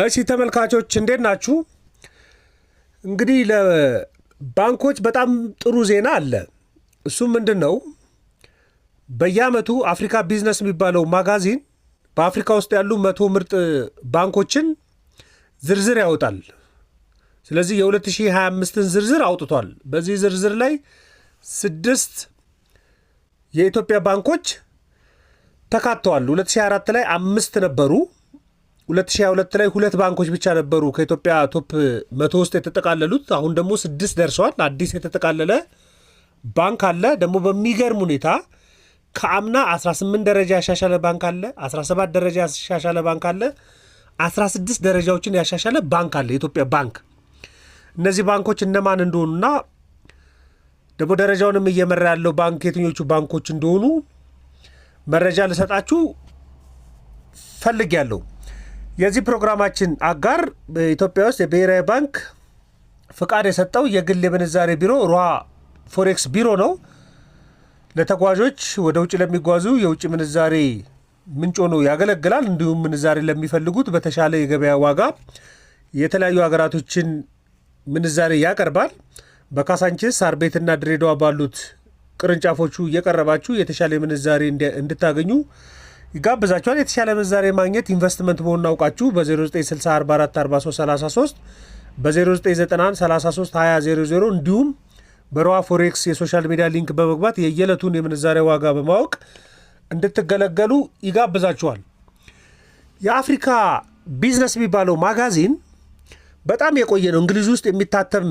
እሺ ተመልካቾች እንዴት ናችሁ? እንግዲህ ለባንኮች በጣም ጥሩ ዜና አለ። እሱም ምንድን ነው? በየአመቱ አፍሪካ ቢዝነስ የሚባለው ማጋዚን በአፍሪካ ውስጥ ያሉ መቶ ምርጥ ባንኮችን ዝርዝር ያወጣል። ስለዚህ የ2025ን ዝርዝር አውጥቷል። በዚህ ዝርዝር ላይ ስድስት የኢትዮጵያ ባንኮች ተካተዋል። 2024 ላይ አምስት ነበሩ። 2022 ላይ ሁለት ባንኮች ብቻ ነበሩ ከኢትዮጵያ ቶፕ መቶ ውስጥ የተጠቃለሉት። አሁን ደግሞ ስድስት ደርሰዋል። አዲስ የተጠቃለለ ባንክ አለ። ደግሞ በሚገርም ሁኔታ ከአምና 18 ደረጃ ያሻሻለ ባንክ አለ። 17 ደረጃ ያሻሻለ ባንክ አለ። 16 ደረጃዎችን ያሻሻለ ባንክ አለ የኢትዮጵያ ባንክ። እነዚህ ባንኮች እነማን እንደሆኑና ደግሞ ደረጃውንም እየመራ ያለው ባንክ የትኞቹ ባንኮች እንደሆኑ መረጃ ልሰጣችሁ ያለው የዚህ ፕሮግራማችን አጋር በኢትዮጵያ ውስጥ የብሔራዊ ባንክ ፍቃድ የሰጠው የግል የምንዛሬ ቢሮ ሩሃ ፎሬክስ ቢሮ ነው። ለተጓዦች ወደ ውጭ ለሚጓዙ የውጭ ምንዛሬ ምንጭ ሆኖ ያገለግላል። እንዲሁም ምንዛሬ ለሚፈልጉት በተሻለ የገበያ ዋጋ የተለያዩ ሀገራቶችን ምንዛሬ ያቀርባል። ሳር ቤትና ድሬዳዋ ባሉት ቅርንጫፎቹ እየቀረባችሁ የተሻለ ምንዛሬ እንድታገኙ ይጋብዛችኋል። የተሻለ ምንዛሬ ማግኘት ኢንቨስትመንት መሆኑን አውቃችሁ በ09644333 በ0991332000 እንዲሁም በሮሃ ፎሬክስ የሶሻል ሚዲያ ሊንክ በመግባት የየዕለቱን የምንዛሬ ዋጋ በማወቅ እንድትገለገሉ ይጋብዛችኋል። የአፍሪካ ቢዝነስ የሚባለው ማጋዚን በጣም የቆየ ነው። እንግሊዝ ውስጥ የሚታተም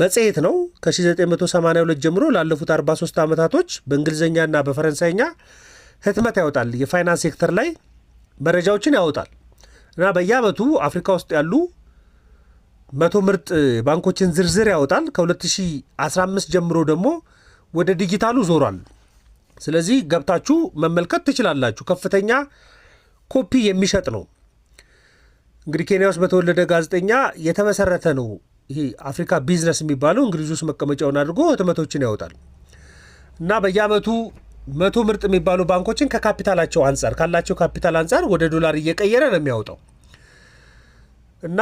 መጽሔት ነው። ከ1982 ጀምሮ ላለፉት 43 ዓመታቶች በእንግሊዝኛና በፈረንሳይኛ ህትመት ያወጣል። የፋይናንስ ሴክተር ላይ መረጃዎችን ያወጣል እና በየአመቱ አፍሪካ ውስጥ ያሉ መቶ ምርጥ ባንኮችን ዝርዝር ያወጣል። ከ2015 ጀምሮ ደግሞ ወደ ዲጂታሉ ዞሯል። ስለዚህ ገብታችሁ መመልከት ትችላላችሁ። ከፍተኛ ኮፒ የሚሸጥ ነው። እንግዲህ ኬንያ ውስጥ በተወለደ ጋዜጠኛ የተመሰረተ ነው ይሄ አፍሪካ ቢዝነስ የሚባለው። እንግሊዝ ውስጥ መቀመጫውን አድርጎ ህትመቶችን ያወጣል እና በየአመቱ መቶ ምርጥ የሚባሉ ባንኮችን ከካፒታላቸው አንጻር ካላቸው ካፒታል አንጻር ወደ ዶላር እየቀየረ ነው የሚያወጣው እና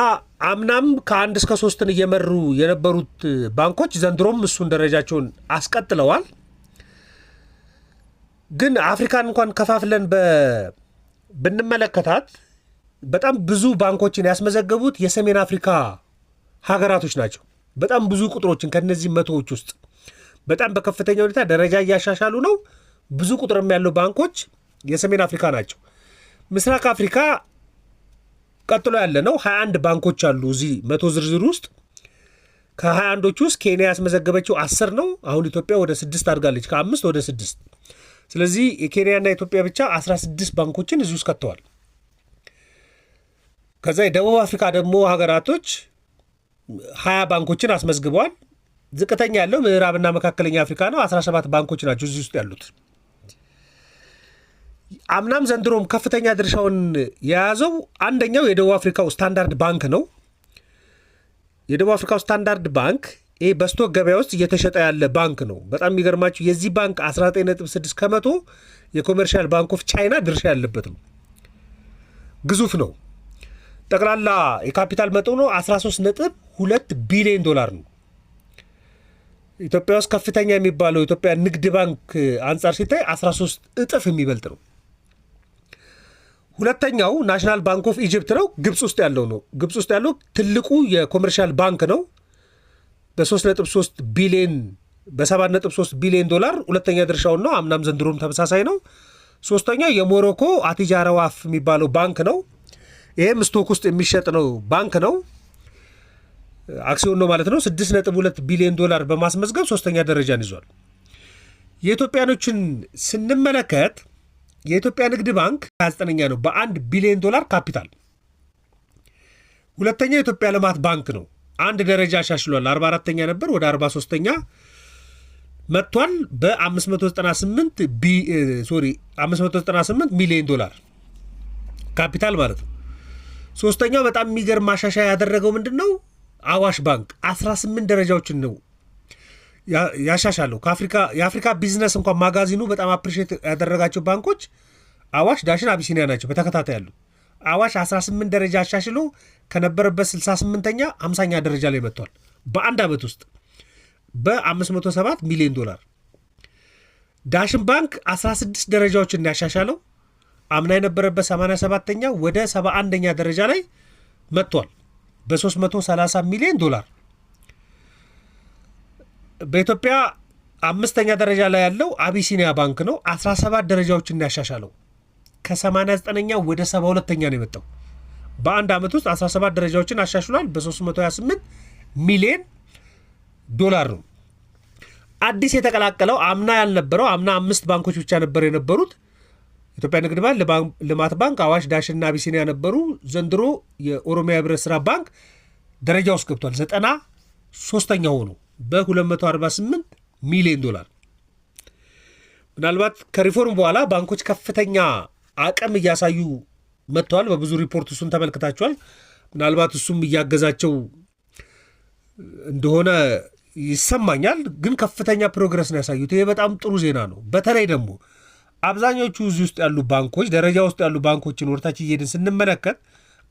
አምናም ከአንድ እስከ ሶስትን እየመሩ የነበሩት ባንኮች ዘንድሮም እሱን ደረጃቸውን አስቀጥለዋል። ግን አፍሪካን እንኳን ከፋፍለን ብንመለከታት በጣም ብዙ ባንኮችን ያስመዘገቡት የሰሜን አፍሪካ ሀገራቶች ናቸው። በጣም ብዙ ቁጥሮችን ከነዚህ መቶዎች ውስጥ በጣም በከፍተኛ ሁኔታ ደረጃ እያሻሻሉ ነው። ብዙ ቁጥርም ያለው ባንኮች የሰሜን አፍሪካ ናቸው። ምስራቅ አፍሪካ ቀጥሎ ያለ ነው። 21 ባንኮች አሉ እዚህ መቶ ዝርዝር ውስጥ ከሀያ አንዶቹ ውስጥ ኬንያ ያስመዘገበችው አስር ነው። አሁን ኢትዮጵያ ወደ ስድስት አድጋለች፣ ከአምስት ወደ ስድስት። ስለዚህ የኬንያና ኢትዮጵያ ብቻ 16 ባንኮችን እዚህ ውስጥ ከተዋል። ከዛ የደቡብ አፍሪካ ደግሞ ሀገራቶች ሀያ ባንኮችን አስመዝግበዋል። ዝቅተኛ ያለው ምዕራብና መካከለኛ አፍሪካ ነው። 17 ባንኮች ናቸው እዚህ ውስጥ ያሉት። አምናም ዘንድሮም ከፍተኛ ድርሻውን የያዘው አንደኛው የደቡብ አፍሪካው ስታንዳርድ ባንክ ነው። የደቡብ አፍሪካው ስታንዳርድ ባንክ ይህ በስቶክ ገበያ ውስጥ እየተሸጠ ያለ ባንክ ነው። በጣም የሚገርማቸው የዚህ ባንክ 19.6 ከመቶ የኮሜርሻል ባንክ ኦፍ ቻይና ድርሻ ያለበት ነው። ግዙፍ ነው። ጠቅላላ የካፒታል መጠኑ 13.2 ቢሊዮን ዶላር ነው። ኢትዮጵያ ውስጥ ከፍተኛ የሚባለው የኢትዮጵያ ንግድ ባንክ አንጻር ሲታይ 13 እጥፍ የሚበልጥ ነው። ሁለተኛው ናሽናል ባንክ ኦፍ ኢጅፕት ነው፣ ግብፅ ውስጥ ያለው ነው። ግብፅ ውስጥ ያለው ትልቁ የኮመርሻል ባንክ ነው። በ3.3 ቢሊዮን በ7.3 ቢሊዮን ዶላር ሁለተኛ ድርሻውን ነው። አምናም ዘንድሮም ተመሳሳይ ነው። ሶስተኛ የሞሮኮ አቲጃራዋፍ የሚባለው ባንክ ነው። ይህም ስቶክ ውስጥ የሚሸጥ ነው ባንክ ነው፣ አክሲዮን ነው ማለት ነው። 6.2 ቢሊዮን ዶላር በማስመዝገብ ሶስተኛ ደረጃን ይዟል። የኢትዮጵያኖችን ስንመለከት የኢትዮጵያ ንግድ ባንክ 29 ነው በአንድ ቢሊዮን ዶላር ካፒታል። ሁለተኛ የኢትዮጵያ ልማት ባንክ ነው። አንድ ደረጃ አሻሽሏል። 44ተኛ ነበር ወደ 43ተኛ መጥቷል። በ598 ሶሪ 598 ሚሊዮን ዶላር ካፒታል ማለት ነው። ሶስተኛው በጣም የሚገርም ማሻሻያ ያደረገው ምንድን ነው? አዋሽ ባንክ 18 ደረጃዎችን ነው ያሻሻሉ። የአፍሪካ ቢዝነስ እንኳን ማጋዚኑ በጣም አፕሪሼት ያደረጋቸው ባንኮች አዋሽ፣ ዳሽን፣ አቢሲኒያ ናቸው በተከታታይ ያሉ። አዋሽ 18 ደረጃ አሻሽሎ ከነበረበት 68ኛ 50ኛ ደረጃ ላይ መጥቷል በአንድ ዓመት ውስጥ በ507 ሚሊዮን ዶላር። ዳሽን ባንክ 16 ደረጃዎችን ያሻሻለው አምና የነበረበት 87ኛ ወደ 71ኛ ደረጃ ላይ መጥቷል በ330 ሚሊዮን ዶላር። በኢትዮጵያ አምስተኛ ደረጃ ላይ ያለው አቢሲኒያ ባንክ ነው። 17 ደረጃዎችን ያሻሻለው ከ89ኛ ወደ 72 ተኛ ነው የመጣው። በአንድ ዓመት ውስጥ 17 ደረጃዎችን አሻሽሏል። በ328 ሚሊዮን ዶላር ነው። አዲስ የተቀላቀለው አምና ያልነበረው አምና አምስት ባንኮች ብቻ ነበር የነበሩት ኢትዮጵያ ንግድ ባንክ፣ ልማት ባንክ፣ አዋሽ፣ ዳሽንና አቢሲኒያ ነበሩ። ዘንድሮ የኦሮሚያ ህብረት ስራ ባንክ ደረጃ ውስጥ ገብቷል። ዘጠና ሶስተኛ ሆኖ በ248 ሚሊዮን ዶላር። ምናልባት ከሪፎርም በኋላ ባንኮች ከፍተኛ አቅም እያሳዩ መጥተዋል። በብዙ ሪፖርት እሱን ተመልክታቸዋል። ምናልባት እሱም እያገዛቸው እንደሆነ ይሰማኛል። ግን ከፍተኛ ፕሮግረስ ነው ያሳዩት። ይሄ በጣም ጥሩ ዜና ነው። በተለይ ደግሞ አብዛኞቹ እዚህ ውስጥ ያሉ ባንኮች ደረጃ ውስጥ ያሉ ባንኮችን ወርታች እየሄድን ስንመለከት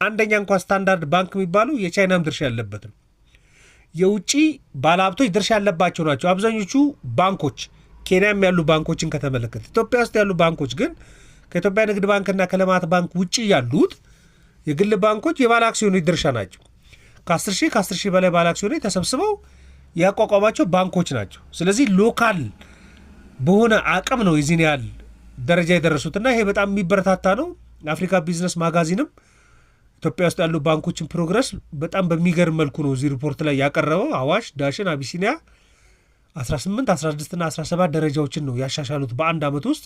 አንደኛ እንኳ ስታንዳርድ ባንክ የሚባለው የቻይናም ድርሻ ያለበት ነው። የውጭ ባለሀብቶች ድርሻ ያለባቸው ናቸው። አብዛኞቹ ባንኮች ኬንያም ያሉ ባንኮችን ከተመለከት ኢትዮጵያ ውስጥ ያሉ ባንኮች ግን ከኢትዮጵያ ንግድ ባንክና ከልማት ባንክ ውጭ ያሉት የግል ባንኮች የባለ አክሲዮኖች ድርሻ ናቸው። ከ10 ሺህ ከ10 ሺህ በላይ ባለ አክሲዮኖች ተሰብስበው ያቋቋማቸው ባንኮች ናቸው። ስለዚህ ሎካል በሆነ አቅም ነው የዚህን ያህል ደረጃ የደረሱትና ይሄ በጣም የሚበረታታ ነው። የአፍሪካ ቢዝነስ ማጋዚንም ኢትዮጵያ ውስጥ ያሉ ባንኮችን ፕሮግረስ በጣም በሚገርም መልኩ ነው እዚህ ሪፖርት ላይ ያቀረበው። አዋሽ፣ ዳሽን፣ አቢሲኒያ 18፣ 16ና 17 ደረጃዎችን ነው ያሻሻሉት በአንድ ዓመት ውስጥ።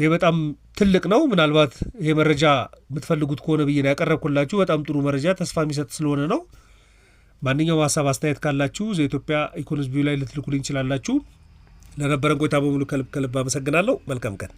ይሄ በጣም ትልቅ ነው። ምናልባት ይሄ መረጃ የምትፈልጉት ከሆነ ብዬ ነው ያቀረብኩላችሁ። በጣም ጥሩ መረጃ ተስፋ የሚሰጥ ስለሆነ ነው። ማንኛውም ሀሳብ አስተያየት ካላችሁ ዘኢትዮጵያ ኢኮኖሚስት ቢዩ ላይ ልትልኩልኝ ይችላላችሁ። ለነበረን ቆይታ በሙሉ ከልብ ከልብ አመሰግናለሁ። መልካም ቀን